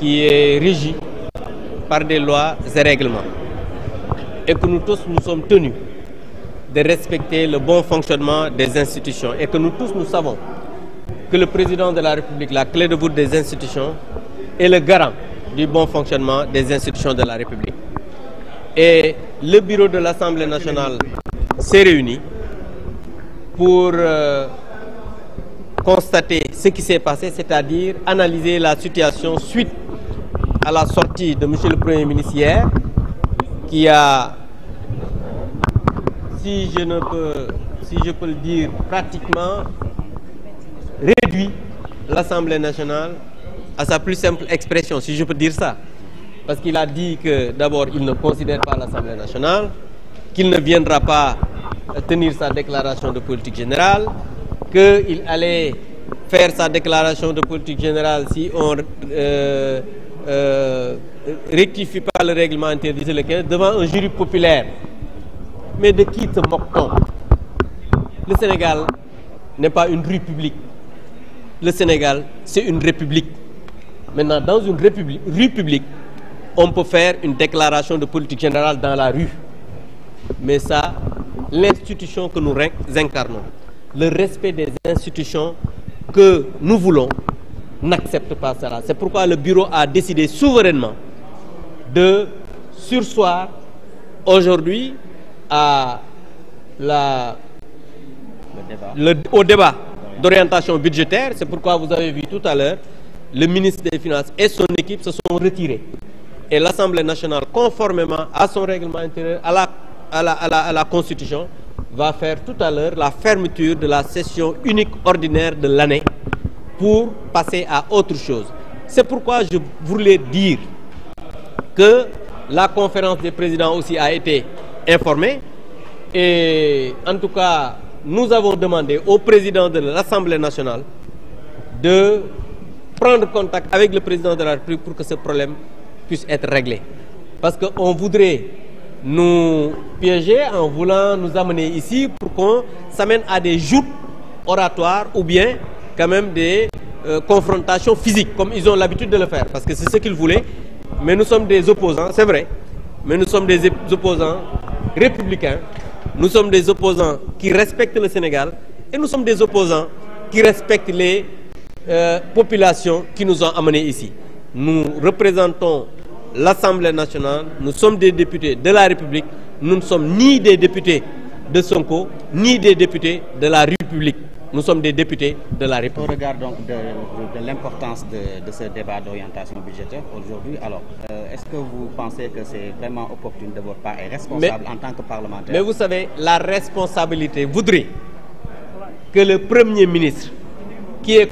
qui est régie par des lois et règlements et que nous tous nous sommes tenus de respecter le bon fonctionnement des institutions et que nous tous nous savons que le président de la République, la clé de voûte des institutions, est le garant du bon fonctionnement des institutions de la République. Et le bureau de l'Assemblée nationale s'est réuni pour euh, constater ce qui s'est passé, c'est-à-dire analyser la situation suite à la sortie de Monsieur le Premier ministre hier, qui a, si je ne peux, si je peux le dire, pratiquement réduit l'Assemblée nationale à sa plus simple expression, si je peux dire ça. Parce qu'il a dit que d'abord, il ne considère pas l'Assemblée nationale, qu'il ne viendra pas tenir sa déclaration de politique générale, qu'il allait faire sa déclaration de politique générale si on euh, euh, rectifie par le règlement interdit le devant un jury populaire. Mais de qui se moque t Le Sénégal n'est pas une publique Le Sénégal, c'est une république. Maintenant, dans une république, république, on peut faire une déclaration de politique générale dans la rue. Mais ça, l'institution que nous incarnons, le respect des institutions que nous voulons n'accepte pas cela. C'est pourquoi le bureau a décidé souverainement de sursoir aujourd'hui à la le débat. Le, au débat d'orientation budgétaire. C'est pourquoi vous avez vu tout à l'heure le ministre des Finances et son équipe se sont retirés. Et l'Assemblée nationale, conformément à son règlement intérieur, à la, à la, la, à la Constitution, va faire tout à l'heure la fermeture de la session unique ordinaire de l'année. pour passer à autre chose. C'est pourquoi je voulais dire que la conférence des président aussi a été informée et en tout cas, nous avons demandé au président de l'Assemblée nationale de prendre contact avec le président de la République pour que ce problème puisse être réglé. Parce qu'on voudrait nous piéger en voulant nous amener ici pour qu'on s'amène à des joutes oratoires ou bien quand même des euh, confrontations physiques, comme ils ont l'habitude de le faire, parce que c'est ce qu'ils voulaient. Mais nous sommes des opposants, c'est vrai, mais nous sommes des opposants républicains, nous sommes des opposants qui respectent le Sénégal, et nous sommes des opposants qui respectent les euh, populations qui nous ont amenés ici. Nous représentons l'Assemblée nationale, nous sommes des députés de la République, nous ne sommes ni des députés de Sonko ni de la de la République. Au regard donc de, de, de l'importance de, de, ce débat d'orientation budgétaire aujourd'hui, alors euh, est-ce que vous pensez que c'est vraiment opportune de votre part et responsable mais, la responsabilité voudrait que le Premier ministre, qui est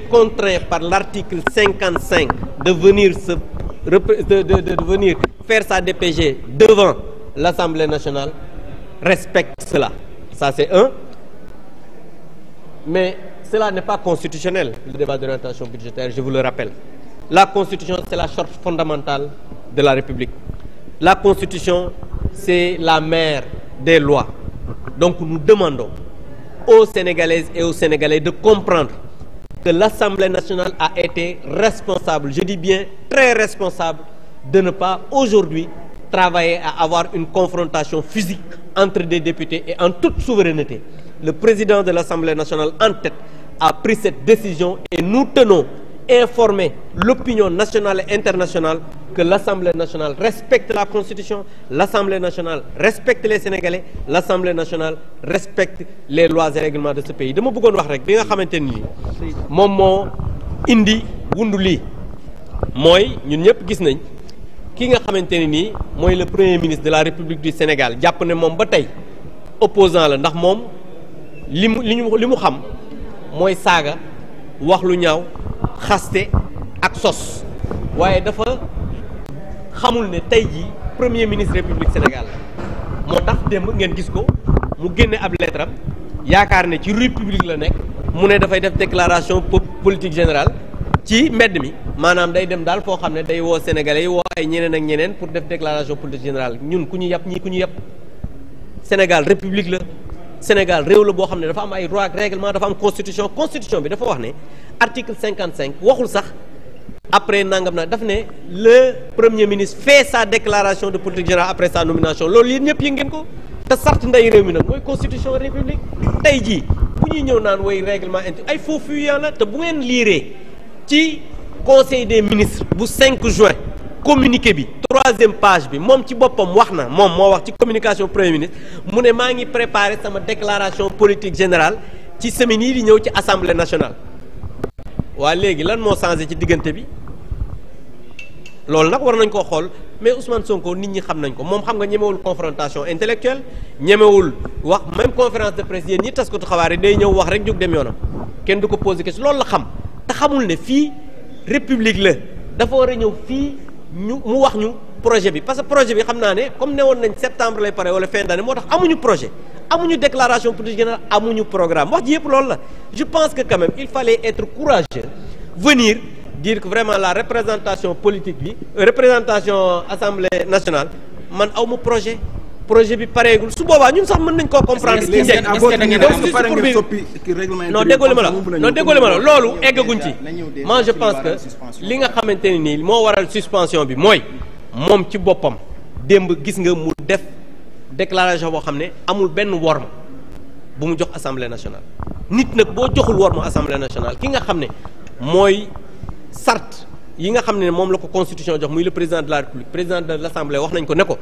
par l'article 55 de venir, se, de venir faire sa DPG devant l'Assemblée nationale, respecte cela. Ça, c'est un. Mais cela n'est pas constitutionnel, le débat d'orientation budgétaire, je vous le rappelle. La Constitution, c'est la charte fondamentale de la République. La Constitution, c'est la mère des lois. Donc nous demandons aux Sénégalaises et aux Sénégalais de comprendre que l'Assemblée nationale a été responsable, je dis bien très responsable, de ne pas aujourd'hui travailler à avoir une confrontation physique entre des députés et en toute souveraineté. Le président de l'Assemblée nationale en tête à pris cette décision et nous tenons informer l'opinion nationale et internationale que l'Assemblée nationale respecte la Constitution, l'Assemblée nationale respecte les Sénégalais, l'Assemblée nationale respecte les lois et règlements de ce pays. dama bëggoon wax rek bi nga xamante ni moom moo indi wundu lii mooy ñun ñëpp gis nañ ki nga xamante ne nii mooy le premier ministre de la république du Sénégal jàpp ne moom ba tey opposant la ndax moom li mu li li mu xam mooy saaga wax lu ñaaw xaste ak sos waaye dafa xamul ne tey jii premier ministre république Sénégal la moo tax démb ngeen gis ko mu génne ab lettre yaakaar ne ci république la nekk mu ne dafay def déclaration politique général ci mbedd mi maanaam day dem daal foo xam ne day woo sénégalais yi woo ay ñeneen ak ñeneen pour def déclaration politique général ñun ku ñu yàpp ñii ku ñu yàpp Sénégal république la Sénégal réew la boo xam ne dafa am ay roi ak règlement dafa am constitution constitution bi dafa wax ne article cinquante cinq waxul sax après nangam na daf ne le premier ministre fait sa déclaration de politique générale après sa nomination loolu yéen ñëpp yëg ngeen ko te sart ndey réew mi tey jii bu ñuy ñëw naan woy règlement inti ay faux fuyant la te bu liiree ci conseil des ministres bu 5 juin communiqué bi troisième page bi moom ci boppam wax na moom moo wax ci communication premier ministre mu ne maa ngi préparé sama déclaration politique général ci semaine yi di ñëw ci assemblée nationale waa léegi lan moo changé ci diggante bi loolu nag war nañ koo xool mais Ousmane Sonko nit ñi xam nañ ko moom xam nga ñemewul confrontation intellectuelle ñemewul wax même conférence de presse yéen ñi tas ko taxawaare day ñëw wax rek jóg dem yoonam kenn du ko posé question loolu la xam république la dafa war a ñëw fii ñu mu wax ñu projet bi parce que projet bi xam naa ne comme ne woon nañ septembre lay pare wala fin d'année moo tax amuñu projet amuñu déclaration politique générale amuñu programme wax ji yëpp loolu la je pense que quand même il fallait être courageux venir dire que vraiment la représentation politique bi euh, représentation assemblée nationale man aw ma projet projet bi pareegul su boobaa ñun sax mën nañ koo comprendre. ci njëkk non déggoo ma la non déggoo ma la loolu eggaguñ ci. man je pense que li nga xamante ne nii moo waral suspension bi mooy moom ci boppam démb gis nga mu def déclaration boo xam ne amul benn worma bu mu jox assemblée nationale. nit nag boo joxul worma assemblée nationale ki nga xam ne mooy sart yi nga xam ne moom la ko constitution jox muy le président de la république président de l' assemblée wax nañ ko ne ko.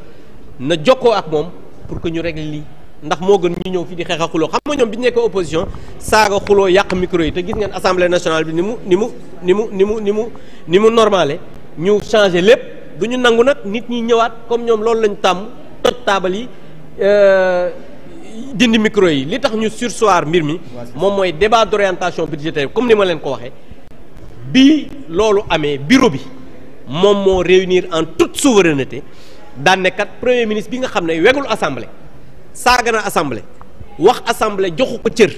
na jokkoo ak moom pour que ñu régler lii ndax moo gën ñu ñëw fii di xeex xuloo xam nga ñoom bi ñu nekkee opposition saaga xuloo yàq micro yi te gis ngeen assemblée nationale bi ni mu ni mu ni mu ni mu ni mu ni mu normale ñu changé lépp du ñu nangu nag nit ñi ñëwaat comme ñoom loolu lañ tàmm toj taabal yi euh, dindi micro yi li tax ñu sursoir mbir mi moom mooy débat d'orientation budgétaire comme ni ma leen ko waxee bi loolu amee bureau bi moom moo réunir en toute souveraineté daan ne premier ministre bi nga xam ne wegul assemblée sarga na assemblée wax assemblée joxu ko cër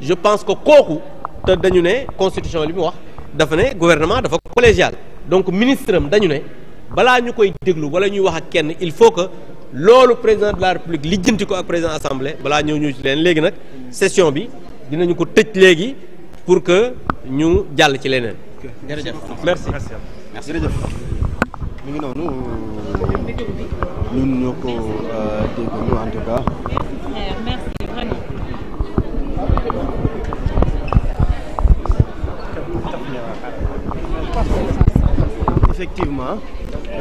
je pense que kooku te dañu ne constitution li mu wax dafa ne gouvernement dafa collégial donc ministre am dañu ne balaa ñu koy déglu wala ñuy wax ak kenn il faut que loolu président de la république lijjanti ko ak président assemblée balaa ñëw ñu ci leen léegi nag session bi dinañu ko tëj léegi pour que ñu jàll ci leneen. jërëjëf merci merci mi ngi noonu ñun ñoo ko euh, déglu en tout cas. effectivement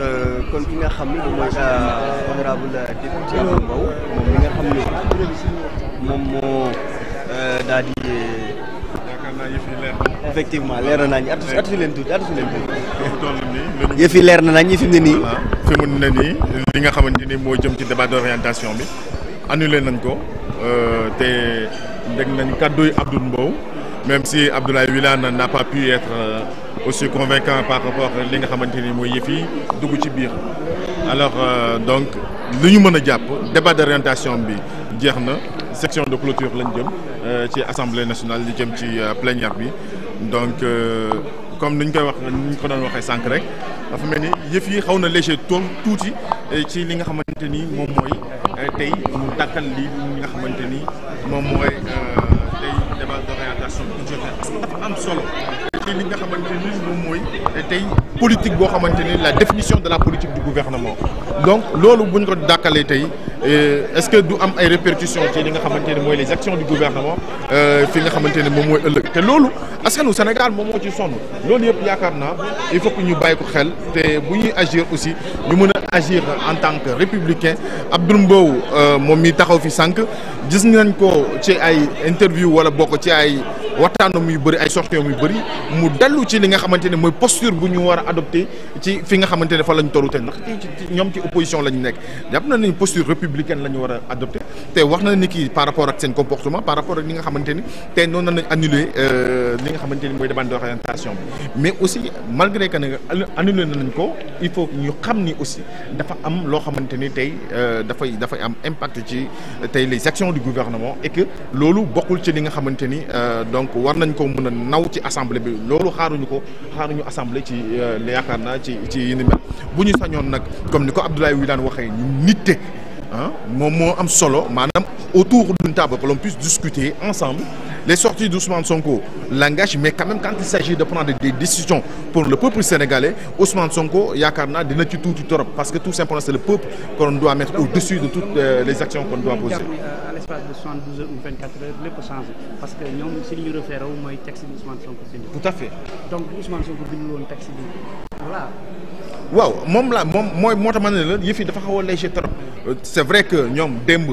euh, kon ki nga xam ni moom mooy euh, honorable député Abdou Mbow moom mi moom moo daal di. effectivement leer na nañu atu atu leen tuuti atu leen tuuti. yëf yi leer na nañ fi mu ne nii. fi mu ne nii li nga xamante ni moo jëm ci débat d'orientation bi annulé nañ ko euh, te dégg nañ kàdduy Abdou Mbow même si Abdoulaye Wilane n'a pas pu être euh, aussi convaincant par rapport li nga xamante ni mooy yëf yi dugg ci biir alors euh, donc li ñu mën a jàpp débat d'orientation bi jeex na. section de clôture lañ jëm euh, ci assemblée nationale li jëm ci euh, plénière bi donc euh, comme ni ñu koy wax ni ñu ko doon waxee sànq rek dafa mel ni yëf yi xaw na léger tool tuuti ci li nga xamante ni moom mooy tey mu dàkkal li nga xamante ni moom mooy tey débat d'orientation budgétaire parce que dafa am solo li nga xamante ni moom mooy tey politique boo xamante ni la définition de la politique du gouvernement donc loolu bu ñu ko dàkkalee tey euh, est-ce que du am ay répercussions ci li nga xamante ni mooy les actions du gouvernement euh, fi nga xamante ni moom mooy ëllëg te loolu askanu Sénégal moom moo ci sonn loolu yëpp yaakaar na il faut que ñu bàyyi ko xel te bu ñuy agir aussi ñu mën a agir en tant que républicain Abdou Mbow euh, moom mi taxaw fi sànq gis nañ ko ci ay interview wala bokk ci ay. waxtaanam yu bëri ay sorties yu bëri mu dellu ci li nga xamante ne mooy posture bu ñu war a adopté ci fi nga xamante ne fa lañ tollu te ndax ci ñoom ci opposition lañ nekk jàpp na ni posture républicaine la ñu war a adopté te wax na ni ki par rapport ak seen comportement par rapport ak li nga xamante te noonu nañ annulé euh, li nga xamante ni mooy débat d'orientation bi mais aussi malgré que nag annulé nañ ko il faut ñu xam ni aussi dafa am loo xamante ni tey euh, dafay dafay am impact ci tey les actions du gouvernement et que loolu bokkul ci li nga xamante ni euh, donc war nañ ko mën a naw ci assemblée bi loolu xaaruñu ko xaaruñu assemblée ci euh, yaakaar naa ci ci yi ni mel bu ñu sañoon nag comme ni ko Abdoulaye daan waxee ñu nitte ah moom moo am solo maanaam autour d'une table que l'on puisse discuter ensemble les sorties d'Ousmane Sonko l'engagent mais quand même quand il s'agit de prendre des décisions pour le peuple sénégalais Ousmane yaakaar naa dina ci tuuti torop parce que tout simplement c'est le peuple qu'on doit mettre au-dessus de toutes euh, les actions qu'on doit poser. Euh, à l'espace de tout à fait donc Ousmane waaw moom la moom mooy moo tax ma ne la dafa xaw a léger trop euh, c'est vrai que ñoom démb